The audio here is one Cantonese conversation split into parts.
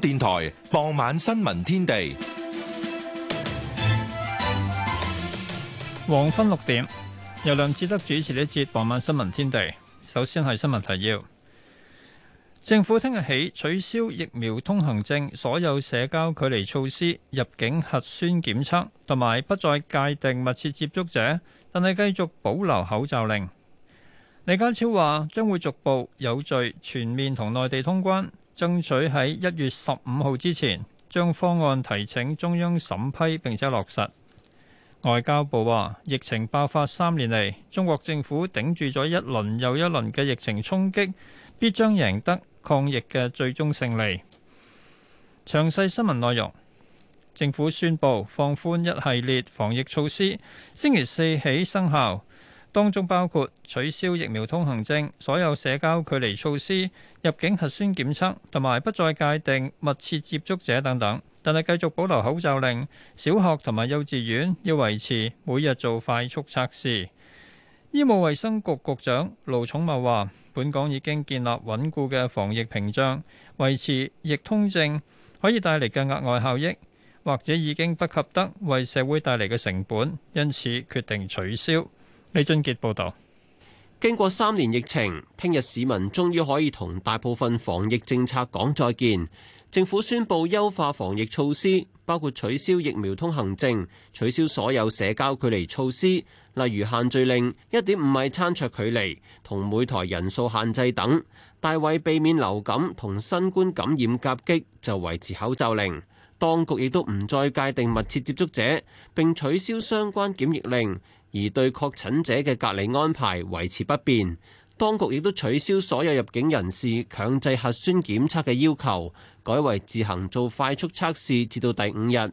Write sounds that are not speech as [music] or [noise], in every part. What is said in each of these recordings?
電台傍晚新聞天地，黃昏六點由梁志德主持呢一節傍晚新聞天地。首先係新聞提要：政府聽日起取消疫苗通行證、所有社交距離措施、入境核酸檢測同埋不再界定密切接觸者，但係繼續保留口罩令。李家超話將會逐步有序全面同內地通關。爭取喺一月十五號之前將方案提請中央審批並且落實。外交部話：疫情爆發三年嚟，中國政府頂住咗一輪又一輪嘅疫情衝擊，必將贏得抗疫嘅最終勝利。詳細新聞內容，政府宣布放寬一系列防疫措施，星期四起生效。當中包括取消疫苗通行證、所有社交距離措施、入境核酸檢測，同埋不再界定密切接觸者等等，但係繼續保留口罩令。小學同埋幼稚園要維持每日做快速測試。醫務衛生局局長盧寵茂話，本港已經建立穩固嘅防疫屏障，維持疫通證可以帶嚟嘅額外效益，或者已經不及得為社會帶嚟嘅成本，因此決定取消。李俊杰報道：經過三年疫情，聽日市民終於可以同大部分防疫政策講再見。政府宣布優化防疫措施，包括取消疫苗通行證、取消所有社交距離措施，例如限聚令、一點五米餐桌距離同每台人數限制等。但為避免流感同新冠感染夾擊，就維持口罩令。當局亦都唔再界定密切接觸者，並取消相關檢疫令。而對確診者嘅隔離安排維持不變，當局亦都取消所有入境人士強制核酸檢測嘅要求，改為自行做快速測試至到第五日。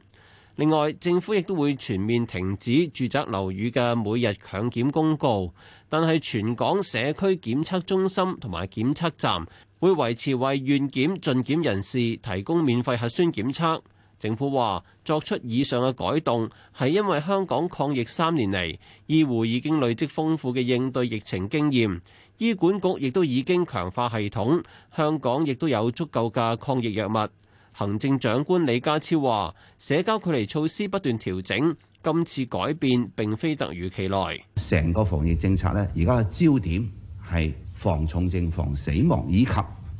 另外，政府亦都會全面停止住宅樓宇嘅每日強檢公告，但係全港社區檢測中心同埋檢測站會維持為願檢盡檢人士提供免費核酸檢測。政府話作出以上嘅改動係因為香港抗疫三年嚟，醫護已經累積豐富嘅應對疫情經驗，醫管局亦都已經強化系統，香港亦都有足夠嘅抗疫藥物。行政長官李家超話：社交距離措施不斷調整，今次改變並非突如其來。成個防疫政策呢，而家嘅焦點係防重症、防死亡以及。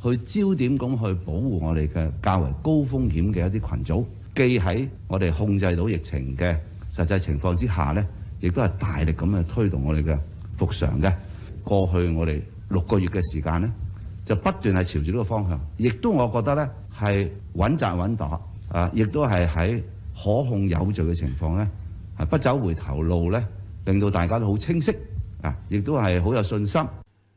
去焦點咁去保護我哋嘅較為高風險嘅一啲群組，既喺我哋控制到疫情嘅實際情況之下呢，亦都係大力咁去推動我哋嘅復常嘅。過去我哋六個月嘅時間呢，就不斷係朝住呢個方向，亦都我覺得呢係穩紮穩打啊，亦都係喺可控有序嘅情況呢，係不走回頭路呢，令到大家都好清晰啊，亦都係好有信心。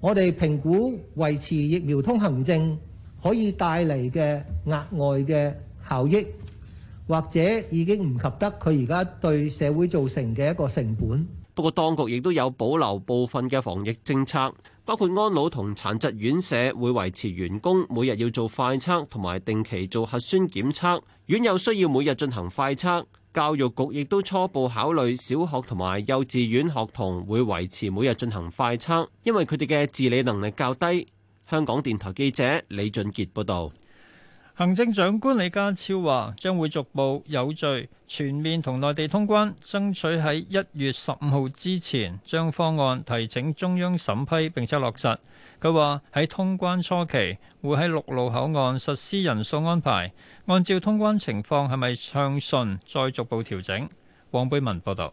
我哋評估維持疫苗通行證可以帶嚟嘅額外嘅效益，或者已經唔及得佢而家對社會造成嘅一個成本。不過，當局亦都有保留部分嘅防疫政策，包括安老同殘疾院舍會維持員工每日要做快測，同埋定期做核酸檢測。院友需要每日進行快測。教育局亦都初步考慮小學同埋幼稚園學童會維持每日進行快測，因為佢哋嘅自理能力較低。香港電台記者李俊傑報道，行政長官李家超話將會逐步有序全面同內地通關，爭取喺一月十五號之前將方案提請中央審批並且落實。佢話喺通關初期會喺陸路口岸實施人數安排。按照通關情況，係咪暢順再逐步調整？黃貝文報道，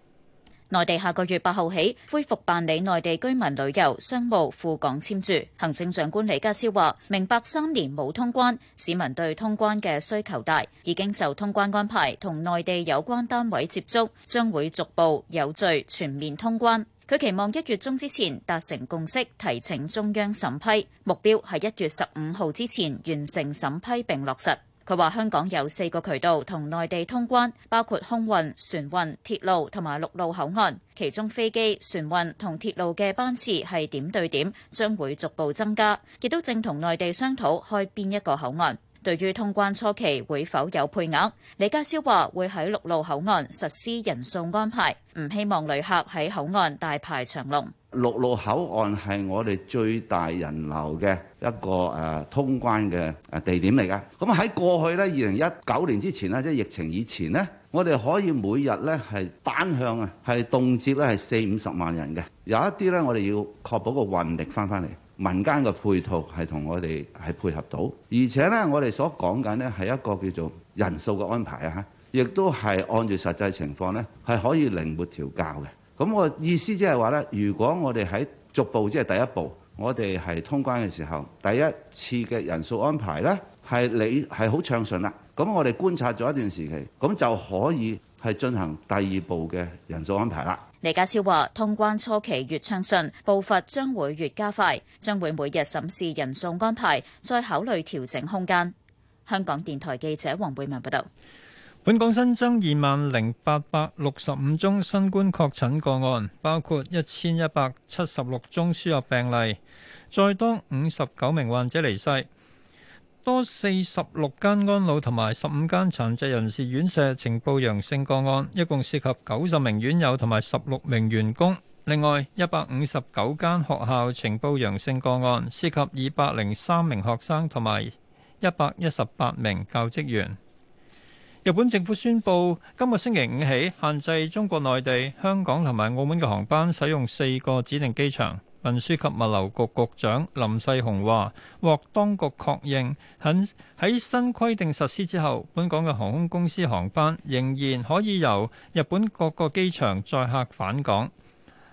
內地下個月八號起恢復辦理內地居民旅遊、商務赴港簽注。行政長官李家超話，明白三年冇通關，市民對通關嘅需求大，已經就通關安排同內地有關單位接觸，將會逐步有序全面通關。佢期望一月中之前達成共識，提請中央審批，目標係一月十五號之前完成審批並落實。佢話：香港有四個渠道同內地通關，包括空運、船運、鐵路同埋陸路口岸。其中飛機、船運同鐵路嘅班次係點對點，將會逐步增加，亦都正同內地商討開邊一個口岸。對於通關初期會否有配額？李家超話會喺陸路口岸實施人數安排，唔希望旅客喺口岸大排長龍。陸路口岸係我哋最大人流嘅一個誒通關嘅誒地點嚟㗎。咁喺過去咧，二零一九年之前咧，即係疫情以前咧，我哋可以每日咧係單向啊，係動輒咧係四五十萬人嘅。有一啲咧，我哋要確保個運力返返嚟。民間嘅配套係同我哋係配合到，而且呢，我哋所講緊呢係一個叫做人數嘅安排啊，亦都係按照實際情況呢，係可以靈活調校嘅。咁我意思即係話呢，如果我哋喺逐步即係、就是、第一步，我哋係通關嘅時候，第一次嘅人數安排呢，係你係好暢順啦，咁我哋觀察咗一段時期，咁就可以係進行第二步嘅人數安排啦。李家超話：通關初期越暢順，步伐將會越加快，將會每日審視人數安排，再考慮調整空間。香港電台記者黃貝文報道。本港新增二萬零八百六十五宗新冠確診個案，包括一千一百七十六宗輸入病例，再多五十九名患者離世。多四十六間安老同埋十五間殘疾人士院舍呈報陽性個案，一共涉及九十名院友同埋十六名員工。另外一百五十九間學校呈報陽性個案，涉及二百零三名學生同埋一百一十八名教職員。日本政府宣布，今個星期五起限制中國內地、香港同埋澳門嘅航班使用四個指定機場。運輸及物流局局長林世雄話：獲當局確認，喺喺新規定實施之後，本港嘅航空公司航班仍然可以由日本各個機場載客返港。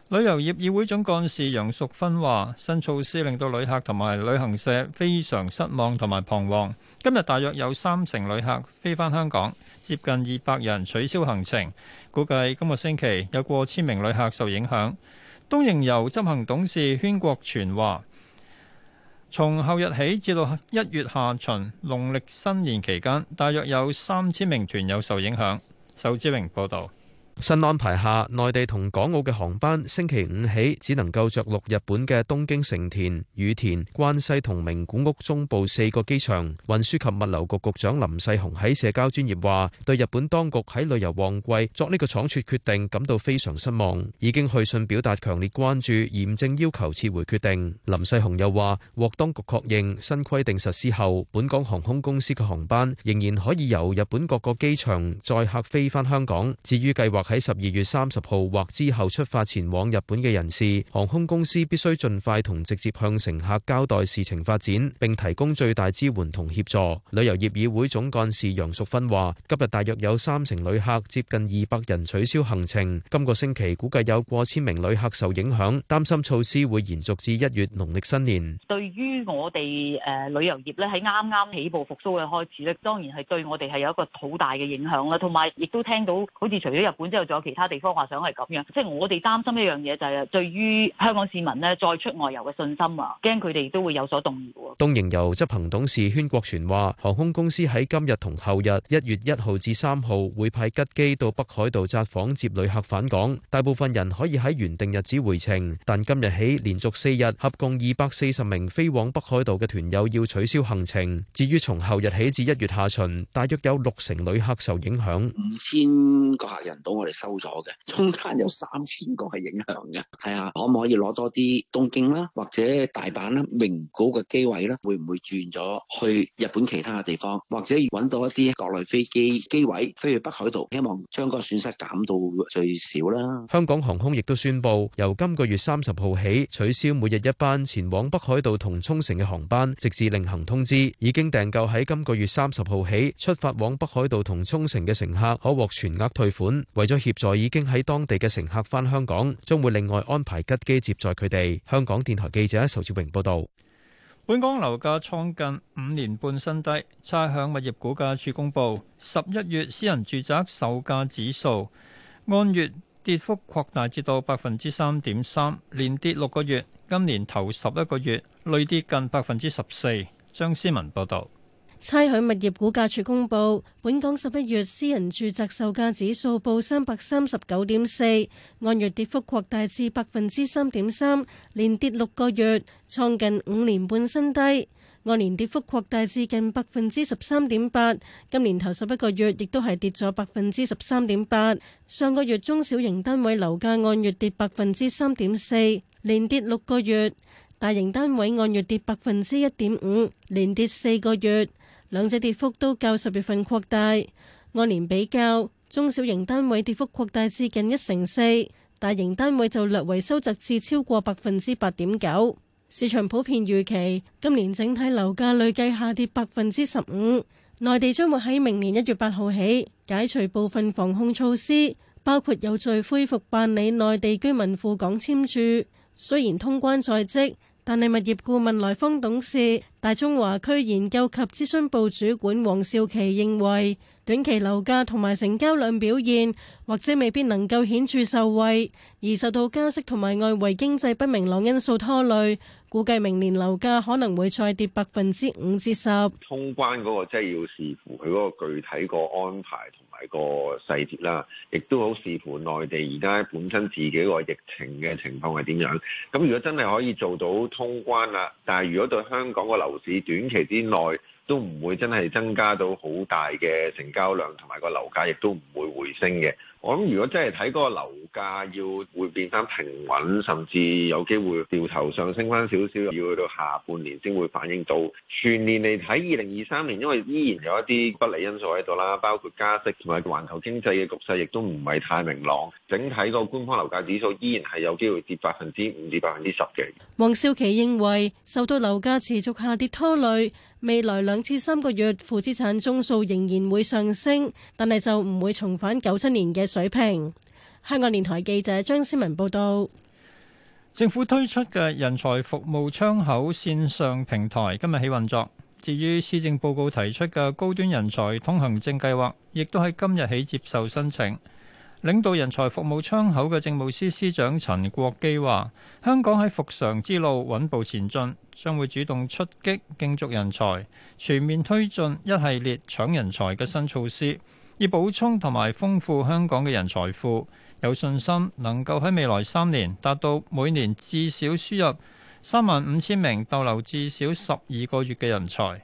旅遊業議會總幹事楊淑芬話：新措施令到旅客同埋旅行社非常失望同埋彷徨。今日大約有三成旅客飛返香港，接近二百人取消行程，估計今個星期有過千名旅客受影響。東瀛遊執行董事禤國全話：從後日起至到一月下旬農曆新年期間，大約有三千名團友受影響。仇志榮報道。新安排下，內地同港澳嘅航班星期五起只能夠着陸日本嘅東京成田、羽田、關西同名古屋中部四個機場。運輸及物流局局長林世雄喺社交專業話：對日本當局喺旅遊旺季作呢個倉促決定感到非常失望，已經去信表達強烈關注，嚴正要求撤回決定。林世雄又話：獲當局確認新規定實施後，本港航空公司嘅航班仍然可以由日本各個機場載客飛翻香港。至於計劃。喺十二月三十號或之後出發前往日本嘅人士，航空公司必須盡快同直接向乘客交代事情發展，並提供最大支援同協助。旅遊業議會總幹事楊淑芬話，今日大約有三成旅客，接近二百人取消行程。今個星期估計有過千名旅客受影響，擔心措施會延續至一月農曆新年。對於我哋誒旅遊業咧，喺啱啱起步復甦嘅開始咧，當然係對我哋係有一個好大嘅影響啦。同埋亦都聽到，好似除咗日本有其他地方話想係咁樣，即係我哋擔心一樣嘢就係對於香港市民呢，再出外遊嘅信心啊，驚佢哋都會有所動搖。東瀛遊執行董事禤國全話，航空公司喺今日同後日，一月一號至三號會派吉機到北海道札幌接旅客返港，大部分人可以喺原定日子回程。但今日起連續四日，合共二百四十名飛往北海道嘅團友要取消行程。至於從後日起至一月下旬，大約有六成旅客受影響，五千個客人都。我哋收咗嘅，中間有三千個係影響嘅，睇下可唔可以攞多啲東京啦，或者大阪啦，名古屋嘅機位咧，會唔會轉咗去日本其他嘅地方，或者揾到一啲國內飛機機位飛去北海道，希望將個損失減到最少啦。香港航空亦都宣布，由今個月三十號起取消每日一班前往北海道同沖繩嘅航班，直至另行通知。已經訂購喺今個月三十號起出發往北海道同沖繩嘅乘客，可獲全額退款。為將協助已經喺當地嘅乘客返香港，將會另外安排吉機接載佢哋。香港電台記者仇志榮報道。本港樓價創近五年半新低，差餉物業估價署公布十一月私人住宅售價指數按月跌幅擴大至到百分之三點三，連跌六個月，今年頭十一個月累跌近百分之十四。張思文報道。差餉物業估價署公布，本港十一月私人住宅售價指數報三百三十九點四，按月跌幅擴大至百分之三點三，連跌六個月，創近五年半新低。按年跌幅擴大至近百分之十三點八，今年頭十一個月亦都係跌咗百分之十三點八。上個月中小型單位樓價按月跌百分之三點四，連跌六個月；大型單位按月跌百分之一點五，連跌四個月。兩者跌幅都較十月份擴大，按年比較，中小型單位跌幅擴大至近一成四，大型單位就略為收窄至超過百分之八點九。市場普遍預期今年整體樓價累計下跌百分之十五。內地將會喺明年一月八號起解除部分防控措施，包括有序恢復辦理內地居民赴港簽注。雖然通關在即。.但係，物業顧問萊坊董事、大中華區研究及諮詢部主，主管黃少琪認為，短期樓價同埋成交量表現或者未必能夠顯著受惠，而受到加息同埋外圍經濟不明朗因素拖累，估計明年樓價可能會再跌百分之五至十。通關嗰個即係要視乎佢嗰個具體個安排。個細節啦，亦都好視乎內地而家本身自己個疫情嘅情況係點樣。咁如果真係可以做到通關啦，但係如果對香港個樓市短期之內。都唔會真係增加到好大嘅成交量，同埋個樓價亦都唔會回升嘅。我諗，如果真係睇嗰個樓價要會變翻平穩，甚至有機會掉頭上升翻少少，要去到下半年先會反映到，全年嚟睇二零二三年，因為依然有一啲不利因素喺度啦，包括加息同埋環球經濟嘅局勢，亦都唔係太明朗。整體個官方樓價指數依然係有機會跌百分之五至百分之十嘅。黃少琪認為，受到樓價持續下跌拖累。未來兩至三個月，負資產宗數仍然會上升，但係就唔會重返九七年嘅水平。香港電台記者張思文報道，政府推出嘅人才服務窗口線上平台今日起運作。至於施政報告提出嘅高端人才通行證計劃，亦都喺今日起接受申請。領導人才服務窗口嘅政務司司長陳國基話：香港喺復常之路穩步前進，將會主動出擊，競逐人才，全面推進一系列搶人才嘅新措施，以補充同埋豐富香港嘅人才庫，有信心能夠喺未來三年達到每年至少輸入三萬五千名逗留至少十二個月嘅人才。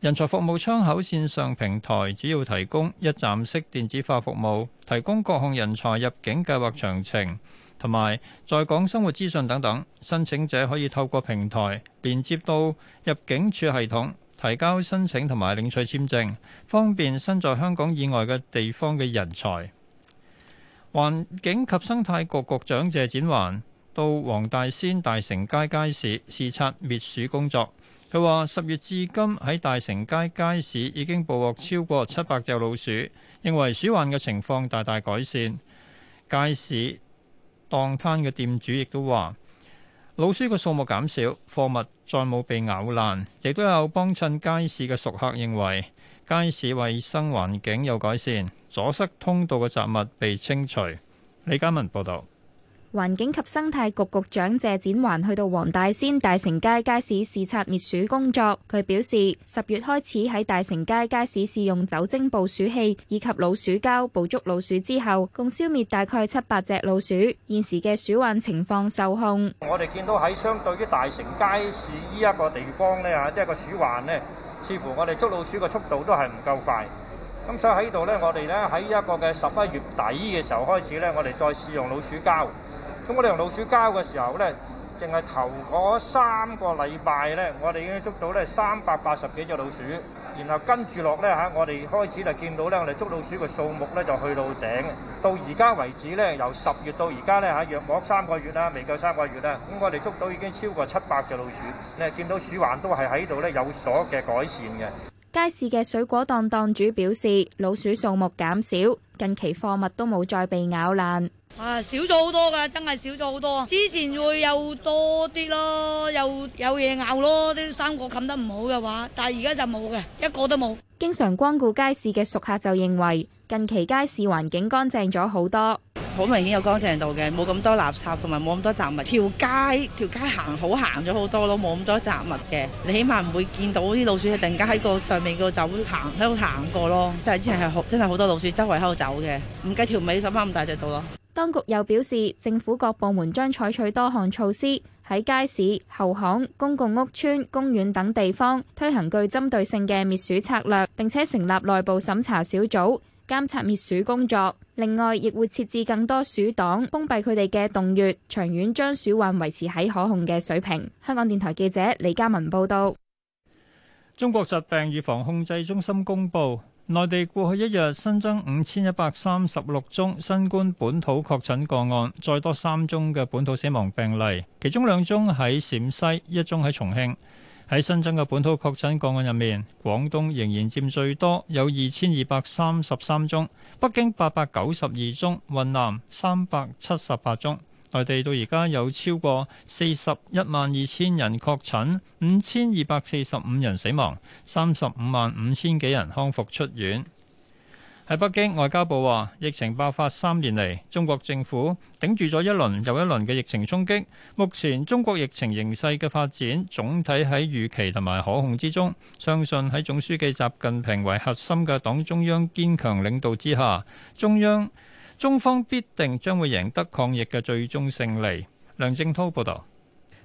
人才服務窗口線上平台主要提供一站式電子化服務，提供各項人才入境計劃詳情同埋在港生活資訊等等。申請者可以透過平台連接到入境處系統提交申請同埋領取簽證，方便身在香港以外嘅地方嘅人才。環境及生態局局長謝展寰到黃大仙大成街街市視察滅鼠工作。佢話：十月至今喺大成街街市已經捕獲超過七百隻老鼠，認為鼠患嘅情況大大改善。街市檔攤嘅店主亦都話老鼠嘅數目減少，貨物再冇被咬爛，亦都有幫襯街市嘅熟客認為街市衞生環境有改善，阻塞通道嘅雜物被清除。李嘉文報導。環境及生態局局長謝展寰去到黃大仙大成街街市視察滅鼠工作。佢表示，十月開始喺大成街街市試用酒精捕鼠器以及老鼠膠捕捉老鼠之後，共消滅大概七八隻老鼠。現時嘅鼠患情況受控。我哋見到喺相對於大成街市呢一個地方呢，吓即係個鼠患呢，似乎我哋捉老鼠嘅速度都係唔夠快。咁所以喺度呢，我哋呢喺一個嘅十一月底嘅時候開始呢，我哋再試用老鼠膠。咁我哋同老鼠交嘅時候呢，淨係頭嗰三個禮拜呢，我哋已經捉到呢三百八十幾隻老鼠。然後跟住落呢，嚇，我哋開始就見到呢，我哋捉老鼠嘅數目呢就去到頂。到而家為止呢，由十月到而家呢，嚇，約莫三個月啦，未夠三個月啦。咁我哋捉到已經超過七百隻老鼠。你係見到鼠患都係喺度呢，有所嘅改善嘅。街市嘅水果檔檔主表示，老鼠數目減少，近期貨物都冇再被咬爛。啊！少咗好多噶，真係少咗好多。之前會有多啲咯，又有嘢咬咯，啲三個冚得唔好嘅話，但係而家就冇嘅，一個都冇。經常光顧街市嘅熟客就認為近期街市環境乾淨咗好多，好、嗯、明顯有乾淨度嘅，冇咁多垃圾同埋冇咁多雜物。條街條街行好行咗好多咯，冇咁多雜物嘅，你起碼唔會見到啲老鼠係突然間喺個上面個走行喺度行過咯。但係之前係好真係好多老鼠周圍喺度走嘅，唔計條尾，手踫咁大隻度咯。當局又表示，政府各部門將採取多項措施，喺街市、後巷、公共屋邨、公園等地方推行具針對性嘅滅鼠策略，並且成立內部審查小組監察滅鼠工作。另外，亦會設置更多鼠擋，封閉佢哋嘅洞穴，長遠將鼠患維持喺可控嘅水平。香港電台記者李嘉文報道。中國疾病預防控制中心公布。內地過去一日新增五千一百三十六宗新冠本土確診個案，再多三宗嘅本土死亡病例，其中兩宗喺陝西，一宗喺重慶。喺新增嘅本土確診個案入面，廣東仍然佔最多，有二千二百三十三宗，北京八百九十二宗，雲南三百七十八宗。內地到而家有超過四十一萬二千人確診，五千二百四十五人死亡，三十五萬五千幾人康復出院。喺北京，外交部話：疫情爆發三年嚟，中國政府頂住咗一輪又一輪嘅疫情衝擊。目前中國疫情形勢嘅發展總體喺預期同埋可控之中。相信喺總書記習近平為核心嘅黨中央堅強領導之下，中央。中方必定將會贏得抗疫嘅最終勝利。梁振濤報道。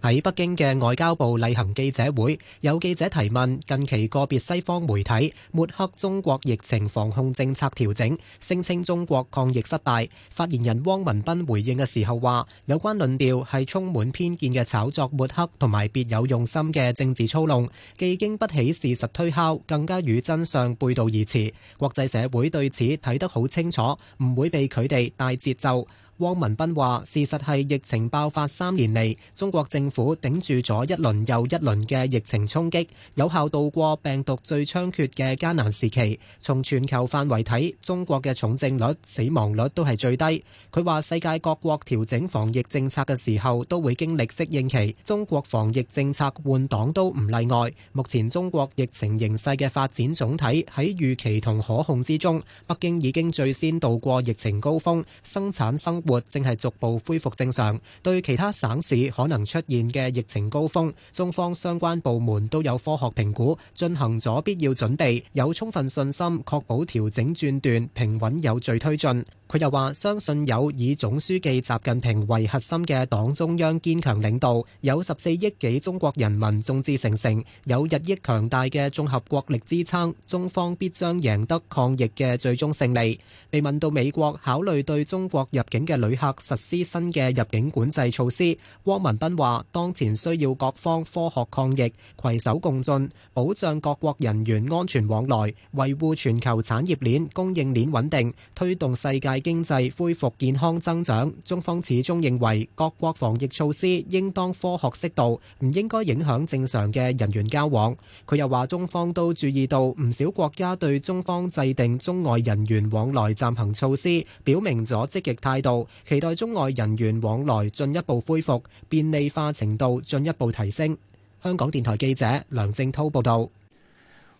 喺北京嘅外交部例行記者會，有記者提問：近期個別西方媒體抹黑中國疫情防控政策調整，聲稱中國抗疫失敗。發言人汪文斌回應嘅時候話：有關論調係充滿偏見嘅炒作抹黑，同埋別有用心嘅政治操弄，既經不起事實推敲，更加與真相背道而馳。國際社會對此睇得好清楚，唔會被佢哋帶節奏。汪文斌話：事實係疫情爆發三年嚟，中國政府頂住咗一輪又一輪嘅疫情衝擊，有效度過病毒最猖獗嘅艱難時期。從全球範圍睇，中國嘅重症率、死亡率都係最低。佢話世界各國調整防疫政策嘅時候都會經歷適應期，中國防疫政策換擋都唔例外。目前中國疫情形勢嘅發展總體喺預期同可控之中，北京已經最先度過疫情高峰，生產生。活正係逐步恢復正常，對其他省市可能出現嘅疫情高峰，中方相關部門都有科學評估，進行咗必要準備，有充分信心確保調整轉段平穩有序推進。佢又話：相信有以總書記習近平為核心嘅黨中央堅強領導，有十四億幾中國人民眾志成城，有日益強大嘅綜合國力支撐，中方必將贏得抗疫嘅最終勝利。被問到美國考慮對中國入境嘅旅客實施新嘅入境管制措施，汪文斌話：當前需要各方科學抗疫，攜手共進，保障各國人員安全往來，維護全球產業鏈、供應鏈穩定，推動世界。經濟恢復健康增長，中方始終認為各國防疫措施應當科學適度，唔應該影響正常嘅人員交往。佢又話，中方都注意到唔少國家對中方制定中外人員往來暫行措施，表明咗積極態度，期待中外人員往來進一步恢復，便利化程度進一步提升。香港電台記者梁正濤報道。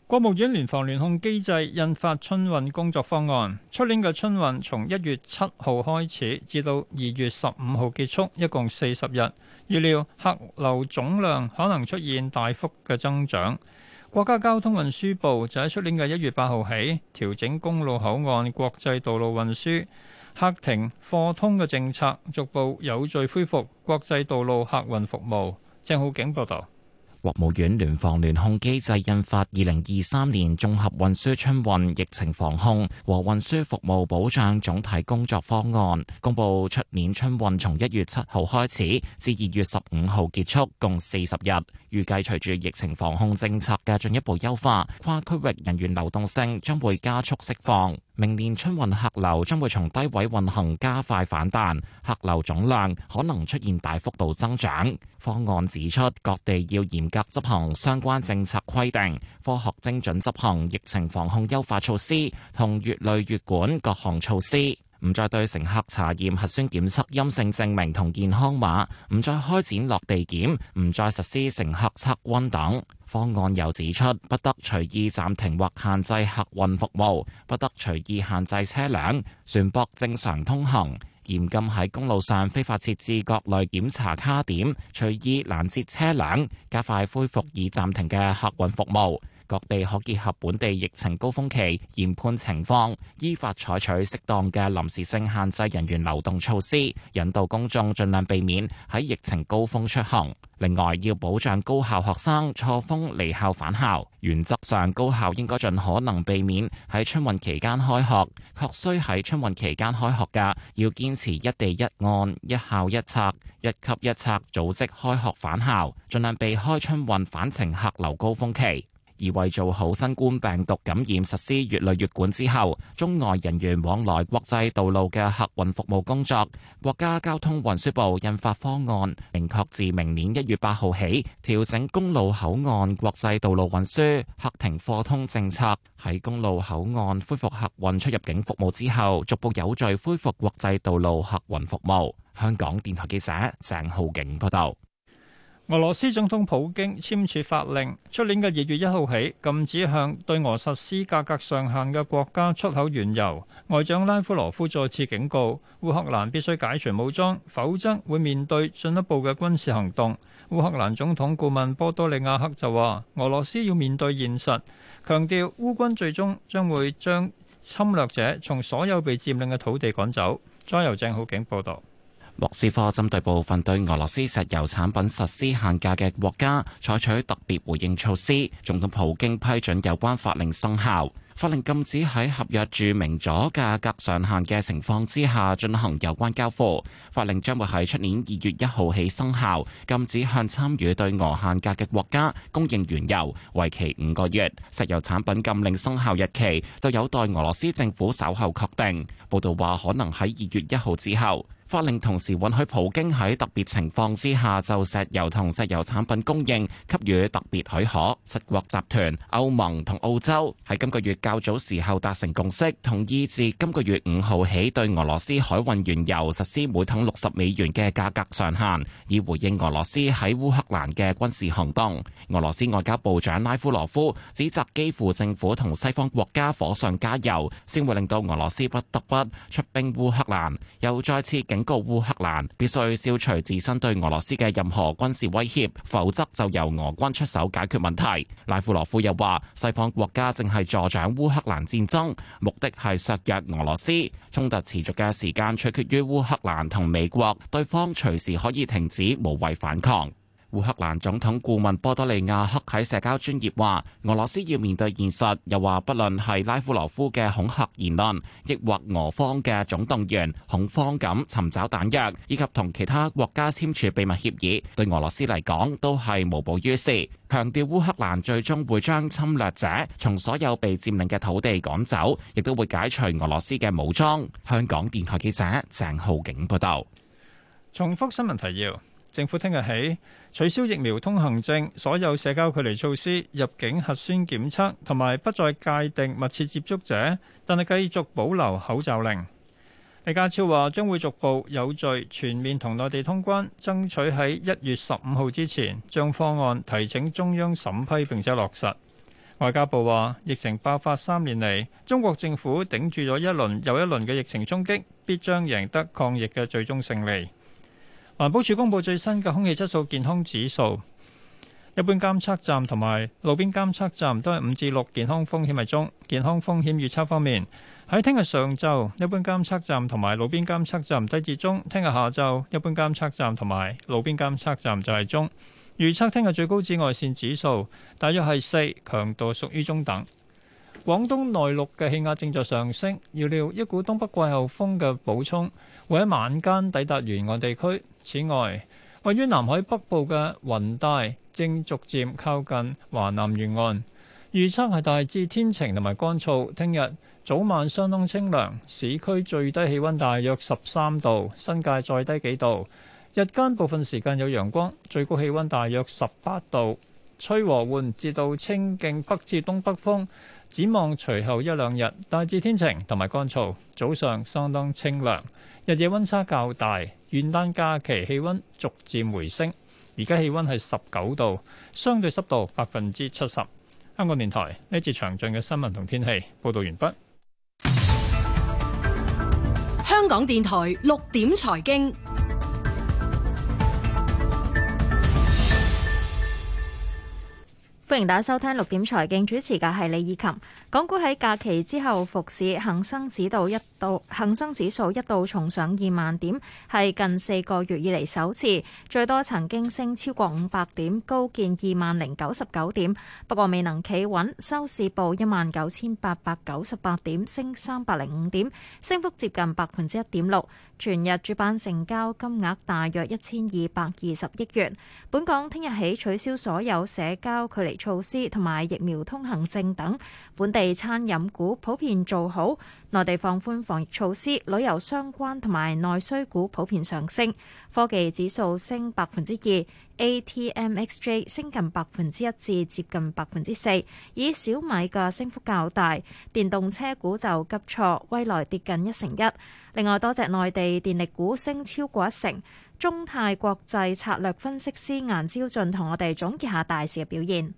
國務院聯防聯控機制印發春運工作方案，出年嘅春運從一月七號開始，至到二月十五號結束，一共四十日。預料客流總量可能出現大幅嘅增長。國家交通運輸部就喺出年嘅一月八號起，調整公路口岸國際道路運輸、客停、貨通嘅政策，逐步有序恢復國際道路客運服務。鄭浩景報道。國務院聯防聯控機制印發《二零二三年綜合運輸春運疫情防控和運輸服務保障總體工作方案》，公布出年春運從一月七號開始至二月十五號結束，共四十日。預計隨住疫情防控政策嘅進一步優化，跨區域人員流動性將會加速釋放。明年春運客流將會從低位運行加快反彈，客流總量可能出現大幅度增長。方案指出，各地要嚴格執行相關政策規定，科學精準執行疫情防控優化措施，同乙類乙管各項措施。唔再對乘客查驗核酸檢測陰性證明同健康碼，唔再開展落地檢，唔再實施乘客測溫等。方案又指出，不得隨意暫停或限制客運服務，不得隨意限制車輛、船舶正常通行，嚴禁喺公路上非法設置各類檢查卡點、隨意攔截車輛，加快恢復已暫停嘅客運服務。各地可結合本地疫情高峰期研判情況，依法採取適當嘅臨時性限制人員流動措施，引導公眾盡量避免喺疫情高峰出行。另外，要保障高校學生錯峰離校返校。原則上，高校應該盡可能避免喺春運期間開學，確需喺春運期間開學嘅，要堅持一地一案、一校一策、一級一策，組織開學返校，盡量避開春運返程客流高峰期。而為做好新冠病毒感染實施乙類乙管之後，中外人員往來國際道路嘅客運服務工作，國家交通運輸部印發方案，明確自明年一月八號起調整公路口岸國際道路運輸客停貨通政策。喺公路口岸恢復客運出入境服務之後，逐步有序恢復國際道路客運服務。香港電台記者鄭浩景報道。俄羅斯總統普京簽署法令，出年嘅二月一號起禁止向對俄實施價格上限嘅國家出口原油。外長拉夫羅夫再次警告，烏克蘭必須解除武裝，否則會面對進一步嘅軍事行動。烏克蘭總統顧問波多利亞克就話，俄羅斯要面對現實，強調烏軍最終將會將侵略者從所有被佔領嘅土地趕走。張由正好景報導。莫斯科針對部分對俄羅斯石油產品實施限價嘅國家採取特別回應措施，總統普京批准有關法令生效。法令禁止喺合約註明咗價格上限嘅情況之下進行有關交付。法令將會喺出年二月一號起生效，禁止向參與對俄限價嘅國家供應原油，為期五個月。石油產品禁令生效日期就有待俄羅斯政府稍後確定。報道話可能喺二月一號之後。法令同時允許普京喺特別情況之下就石油同石油產品供應給予特別許可。七國集團、歐盟同澳洲喺今個月較早時候達成共識，同意自今個月五號起對俄羅斯海運原油實施每桶六十美元嘅價格上限，以回應俄羅斯喺烏克蘭嘅軍事行動。俄羅斯外交部長拉夫羅夫指責基輔政府同西方國家火上加油，先會令到俄羅斯不得不出兵烏克蘭。又再次警。告烏克蘭必須消除自身對俄羅斯嘅任何軍事威脅，否則就由俄軍出手解決問題。拉夫羅夫又話：西方國家正係助長烏克蘭戰爭，目的係削弱俄羅斯。衝突持續嘅時間取決於烏克蘭同美國，對方隨時可以停止無謂反抗。烏克蘭總統顧問波多利亞克喺社交專業話：俄羅斯要面對現實，又話不論係拉夫羅夫嘅恐吓言論，抑或俄方嘅總動員、恐慌咁尋找彈藥，以及同其他國家簽署秘密協議，對俄羅斯嚟講都係無補於事。強調烏克蘭最終會將侵略者從所有被佔領嘅土地趕走，亦都會解除俄羅斯嘅武裝。香港電台記者鄭浩景報道。重複新聞提要。政府聽日起取消疫苗通行證、所有社交距離措施、入境核酸檢測同埋不再界定密切接觸者，但係繼續保留口罩令。李家超話將會逐步有序全面同內地通關，爭取喺一月十五號之前將方案提請中央審批並且落實。外交部話疫情爆發三年嚟，中國政府頂住咗一輪又一輪嘅疫情衝擊，必將贏得抗疫嘅最終勝利。環保署公布最新嘅空氣質素健康指數，一般監測站同埋路邊監測站都係五至六，健康風險係中。健康風險預測方面，喺聽日上晝，一般監測站同埋路邊監測站低至中，聽日下晝，一般監測站同埋路邊監測站就係中。預測聽日最高紫外線指數大約係四，強度屬於中等。廣東內陸嘅氣壓正在上升，預料一股東北季候風嘅補充。會喺晚間抵達沿岸地區。此外，位於南海北部嘅雲帶正逐漸靠近華南沿岸。預測係大致天晴同埋乾燥。聽日早晚相當清涼，市區最低氣温大約十三度，新界再低幾度。日間部分時間有陽光，最高氣温大約十八度，吹和緩至到清勁北至東北風。展望隨後一兩日，大致天晴同埋乾燥，早上相當清涼。日夜温差較大，元旦假期氣温逐漸回升。而家氣温係十九度，相對濕度百分之七十。香港電台呢節詳盡嘅新聞同天氣報導完畢。香港電台六點財經，歡迎大家收聽六點財經，主持嘅係李以琴。港股喺假期之後復市，恒生指導一度，恒生指數一度重上二萬點，係近四個月以嚟首次，最多曾經升超過五百點，高見二萬零九十九點，不過未能企穩，收市報一萬九千八百九十八點，升三百零五點，升幅接近百分之一點六。全日主板成交金額大約一千二百二十億元。本港聽日起取消所有社交距離措施同埋疫苗通行證等。本地餐飲股普遍做好。內地放寬防疫措施，旅遊相關同埋內需股普遍上升，科技指數升百分之二，ATMXJ 升近百分之一至接近百分之四，以小米嘅升幅較大，電動車股就急挫，蔚來跌近一成一。另外多隻內地電力股升超過一成，中泰國際策略分析師顏朝俊同我哋總結下大市嘅表現。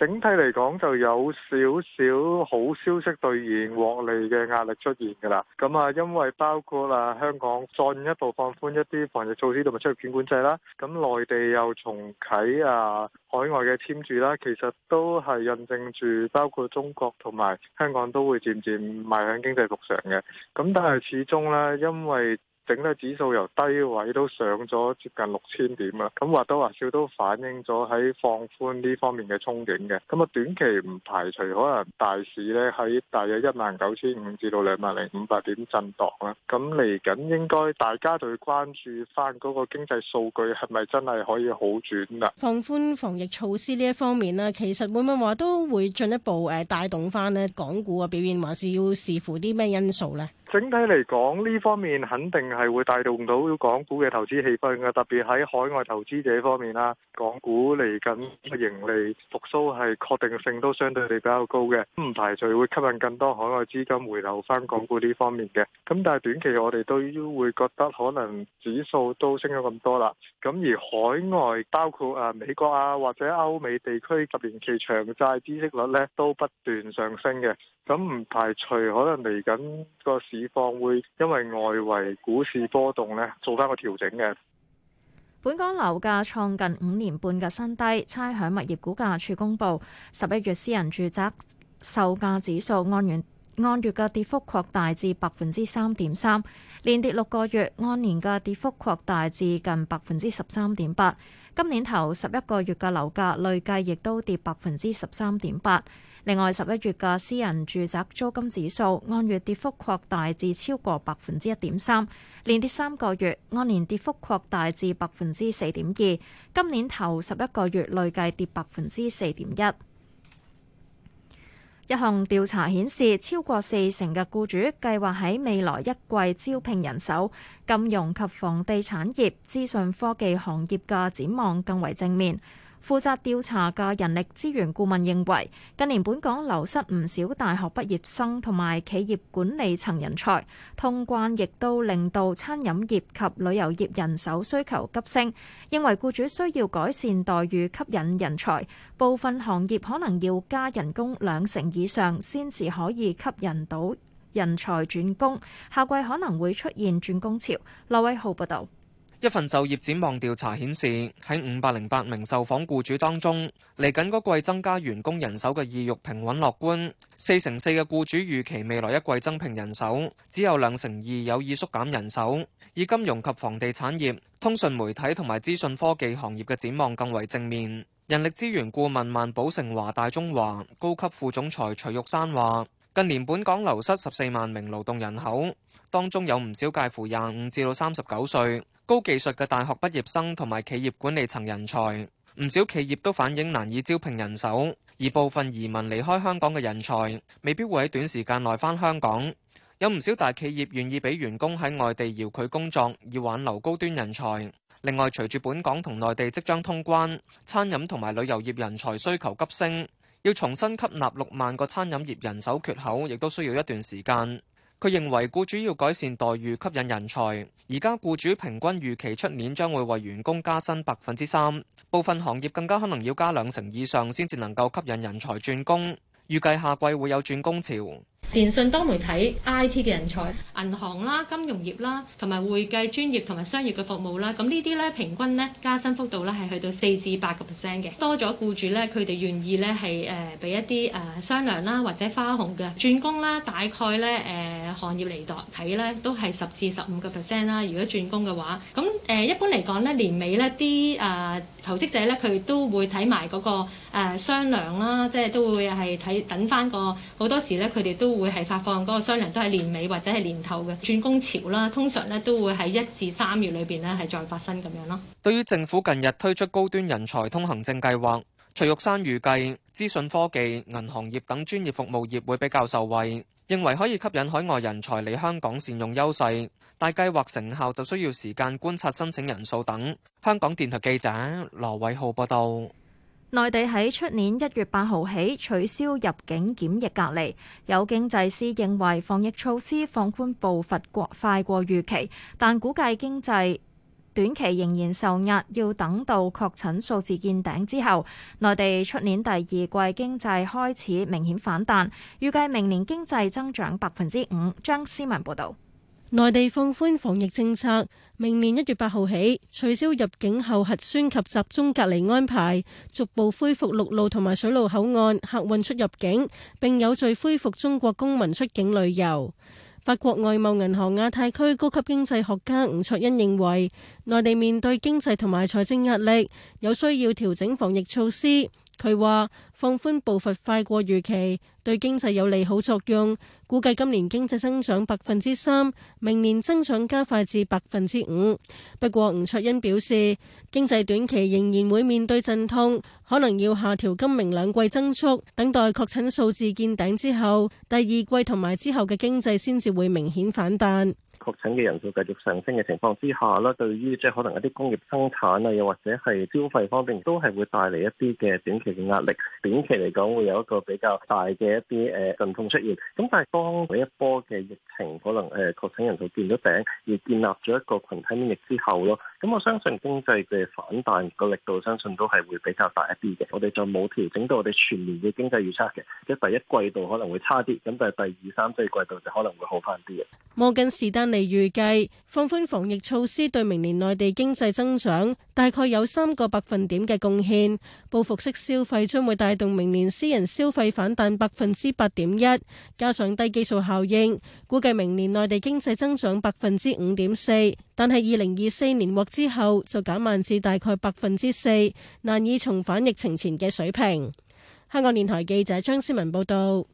整體嚟講，就有少少好消息兌現獲利嘅壓力出現㗎啦。咁啊，因為包括啊香港進一步放寬一啲防疫措施同埋出入境管制啦，咁內地又重啟啊海外嘅簽注啦，其實都係印證住包括中國同埋香港都會漸漸邁向經濟復常嘅。咁但係始終咧，因為整體指數由低位都上咗接近六千點啦，咁或多或少都反映咗喺放寬呢方面嘅憧憬嘅。咁啊短期唔排除可能大市咧喺大約一萬九千五至到兩萬零五百點震盪啦。咁嚟緊應該大家最關注翻嗰個經濟數據係咪真係可以好轉啊？放寬防疫措施呢一方面呢，其實會唔會話都會進一步誒帶動翻咧港股嘅表現，還是要視乎啲咩因素呢？整體嚟講呢方面肯定，係會帶動到港股嘅投資氣氛嘅，特別喺海外投資者方面啦，港股嚟緊盈利復蘇係確定性都相對嚟比較高嘅，唔排除會吸引更多海外資金回流翻港股呢方面嘅。咁但係短期我哋都會覺得可能指數都升咗咁多啦。咁而海外包括誒美國啊或者歐美地區十年期長債孳息率咧，都不斷上升嘅。咁唔排除可能嚟緊個市況會因為外圍股。股市波動咧，做翻個調整嘅。本港樓價創近五年半嘅新低，差餉物業估價署公布十一月私人住宅售價指數按月按月嘅跌幅擴大至百分之三點三，連跌六個月，按年嘅跌幅擴大至近百分之十三點八。今年頭十一個月嘅樓價累計亦都跌百分之十三點八。另外，十一月嘅私人住宅租金指數按月跌幅擴大至超過百分之一點三，連跌三個月，按年跌幅擴大至百分之四點二，今年頭十一個月累計跌百分之四點一。一項調查顯示，超過四成嘅雇主計劃喺未來一季招聘人手，金融及房地產業、資訊科技行業嘅展望更為正面。負責調查嘅人力資源顧問認為，近年本港流失唔少大學畢業生同埋企業管理層人才，通關亦都令到餐飲業及旅遊業人手需求急升。認為雇主需要改善待遇吸引人才，部分行業可能要加人工兩成以上先至可以吸引到人才轉工。夏季可能會出現轉工潮。劉偉浩報導。一份就業展望調查顯示，喺五百零八名受訪雇主當中，嚟緊嗰季增加員工人手嘅意欲平穩樂觀，四成四嘅雇主預期未來一季增聘人手，只有兩成二有意縮減人手。以金融及房地產業、通訊媒體同埋資訊科技行業嘅展望，更為正面。人力資源顧問萬寶盛華大中華高級副總裁徐玉山話：近年本港流失十四萬名勞動人口，當中有唔少介乎廿五至到三十九歲。高技術嘅大學畢業生同埋企業管理層人才，唔少企業都反映難以招聘人手，而部分移民離開香港嘅人才，未必會喺短時間內返香港。有唔少大企業願意俾員工喺外地遙距工作，以挽留高端人才。另外，隨住本港同內地即將通關，餐飲同埋旅遊業人才需求急升，要重新吸納六萬個餐飲業人手缺口，亦都需要一段時間。佢認為僱主要改善待遇吸引人才，而家僱主平均預期出年將會為員工加薪百分之三，部分行業更加可能要加兩成以上先至能夠吸引人才轉工，預計下季會有轉工潮。電信多媒體 IT 嘅人才、銀行啦、金融業啦，同埋會計專業同埋商業嘅服務啦，咁呢啲咧平均咧加薪幅度咧係去到四至八個 percent 嘅，多咗僱主咧佢哋願意咧係誒俾一啲誒、呃、雙糧啦或者花紅嘅轉工啦，大概咧誒、呃、行業嚟代睇咧都係十至十五個 percent 啦，如果轉工嘅話，咁誒、呃、一般嚟講咧年尾咧啲誒投資者咧佢都會睇埋嗰個、呃、雙糧啦，即、就、係、是、都會係睇等翻個好多時咧佢哋都。都會係發放嗰個商量都係年尾或者係年頭嘅轉工潮啦，通常咧都會喺一至三月裏邊咧係再發生咁樣咯。對於政府近日推出高端人才通行證計劃，徐玉山預計資訊科技、銀行業等專業服務業會比較受惠，認為可以吸引海外人才嚟香港善用優勢，但計劃成效就需要時間觀察申請人數等。香港電台記者羅偉浩報道。內地喺出年一月八號起取消入境檢疫隔離，有經濟師認為防疫措施放寬步伐快過預期，但估計經濟短期仍然受壓，要等到確診數字見頂之後，內地出年第二季經濟開始明顯反彈，預計明年經濟增長百分之五。張思文報導。內地放寬防疫政策，明年一月八號起，取消入境後核酸及集中隔離安排，逐步恢復陸路同埋水路口岸客運出入境，並有序恢復中國公民出境旅遊。法國外貿銀行亞太區高級經濟學家吳卓恩認為，內地面對經濟同埋財政壓力，有需要調整防疫措施。佢話放寬步伐快過預期，對經濟有利好作用，估計今年經濟增長百分之三，明年增長加快至百分之五。不過，吳卓欣表示，經濟短期仍然會面對陣痛，可能要下調今明兩季增速，等待確診數字見頂之後，第二季同埋之後嘅經濟先至會明顯反彈。確診嘅人數繼續上升嘅情況之下啦，對於即係可能一啲工業生產啊，又或者係消費方面，都係會帶嚟一啲嘅短期嘅壓力。短期嚟講，會有一個比較大嘅一啲誒陣痛出現。咁但係當每一波嘅疫情可能誒確診人數見到頂，而建立咗一個群體免疫之後咯，咁我相信經濟嘅反彈個力度，相信都係會比較大一啲嘅。我哋就冇調整到我哋全年嘅經濟預測嘅，即係第一季度可能會差啲，咁但係第二、三、四季度就可能會好翻啲嘅。摩根士丹利，預計放寬防疫措施對明年內地經濟增長大概有三個百分點嘅貢獻，報復式消費將會帶動明年私人消費反彈百分之八點一，加上低基數效應，估計明年內地經濟增長百分之五點四，但係二零二四年或之後就減慢至大概百分之四，難以重返疫情前嘅水平。香港電台記者張思文報道。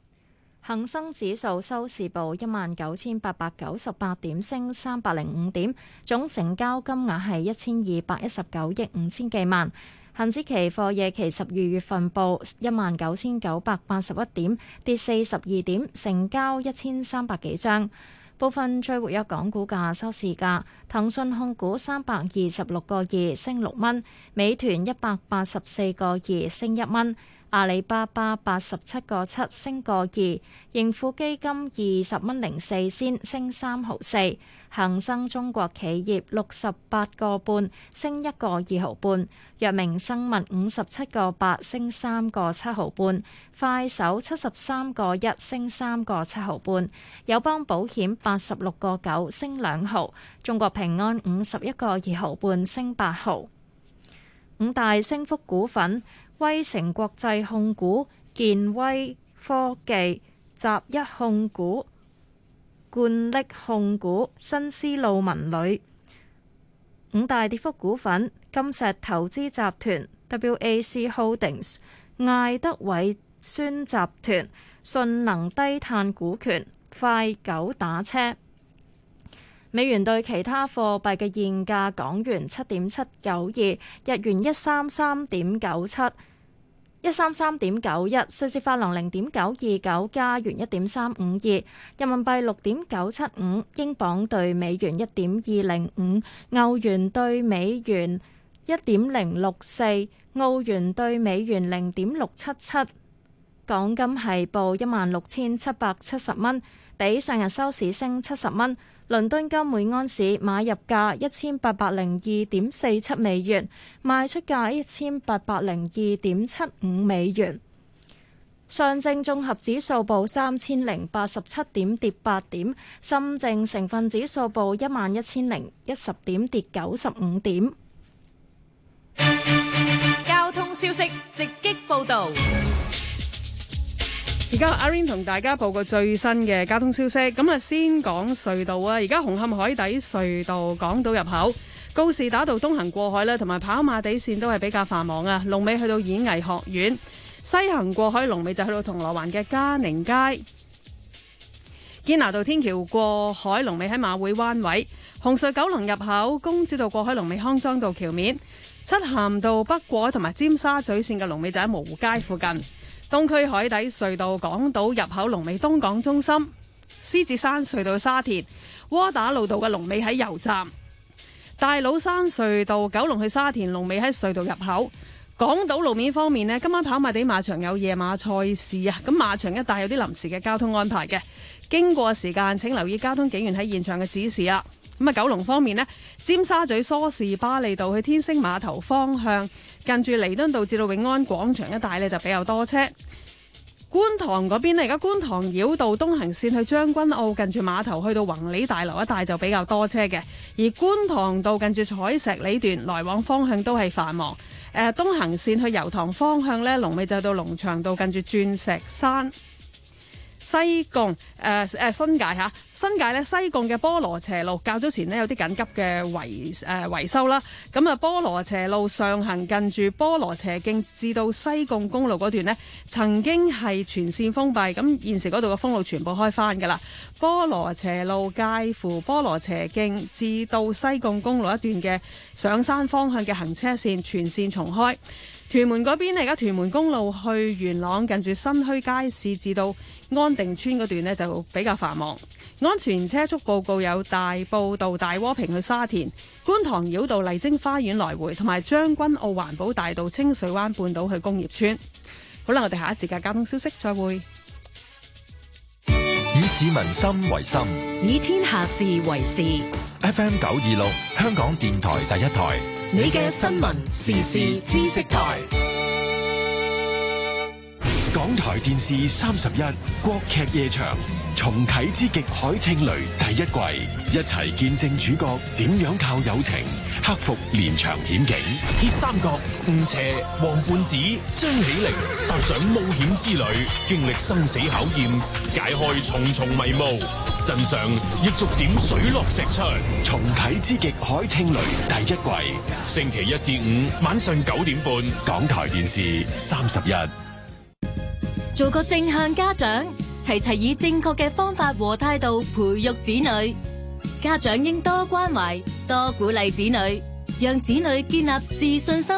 恒生指數收市報一萬九千八百九十八點，升三百零五點，總成交金額係一千二百一十九億五千幾萬。恒指期貨夜期十二月份報一萬九千九百八十一點，跌四十二點，成交一千三百幾張。部分最活躍港股價收市價：騰訊控股三百二十六個二，升六蚊；美團一百八十四個二，升一蚊。阿里巴巴八十七個七升個二，盈富基金二十蚊零四先升三毫四，恒生中國企業六十八個半升一個二毫半，藥明生物五十七個八升三個七毫半，快手七十三個一升三個七毫半，友邦保險八十六個九升兩毫，中國平安五十一個二毫半升八毫，五大升幅股份。威誠國際控股、健威科技、集一控股、冠力控股、新思路文旅，五大跌幅股份。金石投資集團、W A C Holdings、艾德偉宣集團、信能低碳股權、快狗打車。美元兌其他貨幣嘅現價：港元七點七九二，日元一三三點九七。一三三點九一，91，瑞士法郎零點九二九，加元一點三五二，人民幣六點九七五，英鎊兌美元一點二零五，歐元兌美元一點零六四，澳元兌美元零點六七七，港金係報一萬六千七百七十蚊，比上日收市升七十蚊。倫敦金每安士買入價一千八百零二點四七美元，賣出價一千八百零二點七五美元。上證綜合指數報三千零八十七點，跌八點；深證成分指數報一萬一千零一十點，跌九十五點。交通消息直擊報道。而家阿 rain 同大家報個最新嘅交通消息。咁啊，先講隧道啊！而家紅磡海底隧道港島入口、告士打道東行過海咧，同埋跑馬地線都係比較繁忙啊。龍尾去到演藝學院，西行過海龍尾就去到銅鑼灣嘅嘉寧街。堅拿道天橋過海龍尾喺馬會灣位，紅隧九龍入口公主道過海龍尾康莊道橋面，漆咸道北過海同埋尖沙咀線嘅龍尾就喺模糊街附近。東區海底隧道港島入口龍尾東港中心。獅子山隧道沙田窩打路道嘅龍尾喺油站，大老山隧道九龍去沙田龍尾喺隧道入口。港島路面方面咧，今晚跑馬地馬場有夜馬賽事啊，咁馬場一帶有啲臨時嘅交通安排嘅，經過時間請留意交通警員喺現場嘅指示啊。咁啊，九龍方面呢，尖沙咀梳士巴利道去天星碼頭方向，近住彌敦道至到永安廣場一帶呢，就比較多車。觀塘嗰邊呢，而家觀塘繞道東行線去將軍澳近住碼頭去到宏利大樓一帶就比較多車嘅。而觀塘道近住彩石里段來往方向都係繁忙。誒、呃，東行線去油塘方向呢，龍尾就到龍翔道近住鑽石山。西貢，誒誒，新界嚇新界咧，西貢嘅菠蘿斜路較早前呢，有啲緊急嘅維，誒、呃、維修啦。咁啊，菠蘿斜路上行近住菠蘿斜徑至到西貢公路嗰段呢，曾經係全線封閉。咁現時嗰度嘅封路全部開翻㗎啦。菠蘿斜路介乎菠蘿斜徑至到西貢公路一段嘅上山方向嘅行車線全線重開。屯門嗰邊咧，而家屯門公路去元朗近住新墟街市至到安定村嗰段呢就比較繁忙。安全車速報告有大埔道大窩坪去沙田、觀塘繞道麗晶花園來回，同埋將軍澳環保大道清水灣半島去工業村。好啦，我哋下一節嘅交通消息再會。以市民心為心，以天下事為事。F M 九二六，香港電台第一台，你嘅新聞時事知識台。港台電視三十一國劇夜場重啟之極海聽雷第一季，一齊見證主角點樣靠友情克服連場險境。鐵三角吳邪、王胖子、張起靈踏上冒險之旅，經歷生死考驗，解開重重迷霧，真相亦逐漸水落石出。重啟之極海聽雷第一季，星期一至五晚上九點半，港台電視三十一。，做個正向家長，齊齊以正確嘅方法和態度培育子女。家長應多關懷、多鼓勵子女，讓子女建立自信心，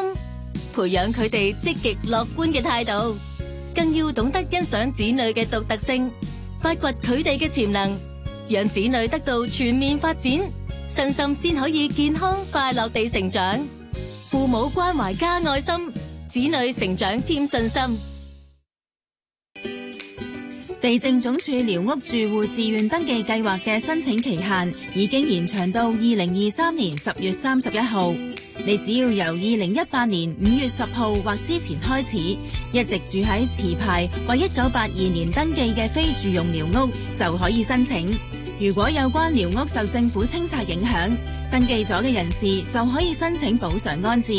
培養佢哋積極樂觀嘅態度，更要懂得欣賞子女嘅獨特性，發掘佢哋嘅潛能，讓子女得到全面發展。身心先可以健康快樂地成長，父母關懷加愛心，子女成長添信心。地政總署寮屋住戶自願登記計劃嘅申請期限已經延長到二零二三年十月三十一號。你只要由二零一八年五月十號或之前開始，一直住喺持牌或一九八二年登記嘅非住用寮屋，就可以申請。如果有關寮屋受政府清拆影響，登記咗嘅人士就可以申請補償安置。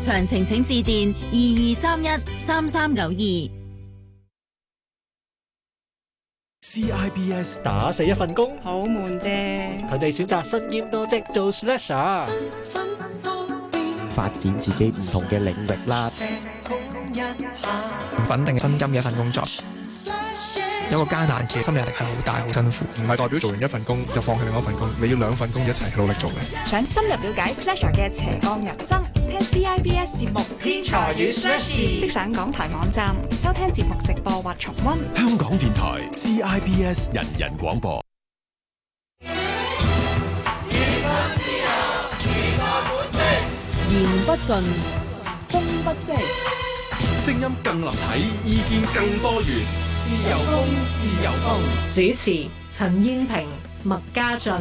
詳情請致電二二三一三三九二。打死一份工好悶啫，佢哋選擇身兼多職做 slasher，發展自己唔同嘅領域啦，唔穩 [noise] 定嘅薪金嘅一份工作。有個艱難嘅心理壓力，係好大好辛苦，唔係代表做完一份工就放棄另外一份工，你要兩份工一齊努力做嘅。想深入了解 Slasher 嘅斜槓人生，聽 CIBS 節目《天才與 Slasher》，即上港台網站收聽節目直播或重温。香港電台 CIBS 人人廣播。言不盡，風不息。聲音更立體，意見更多元。自由風，自由風。主持：陳燕萍、麥家俊。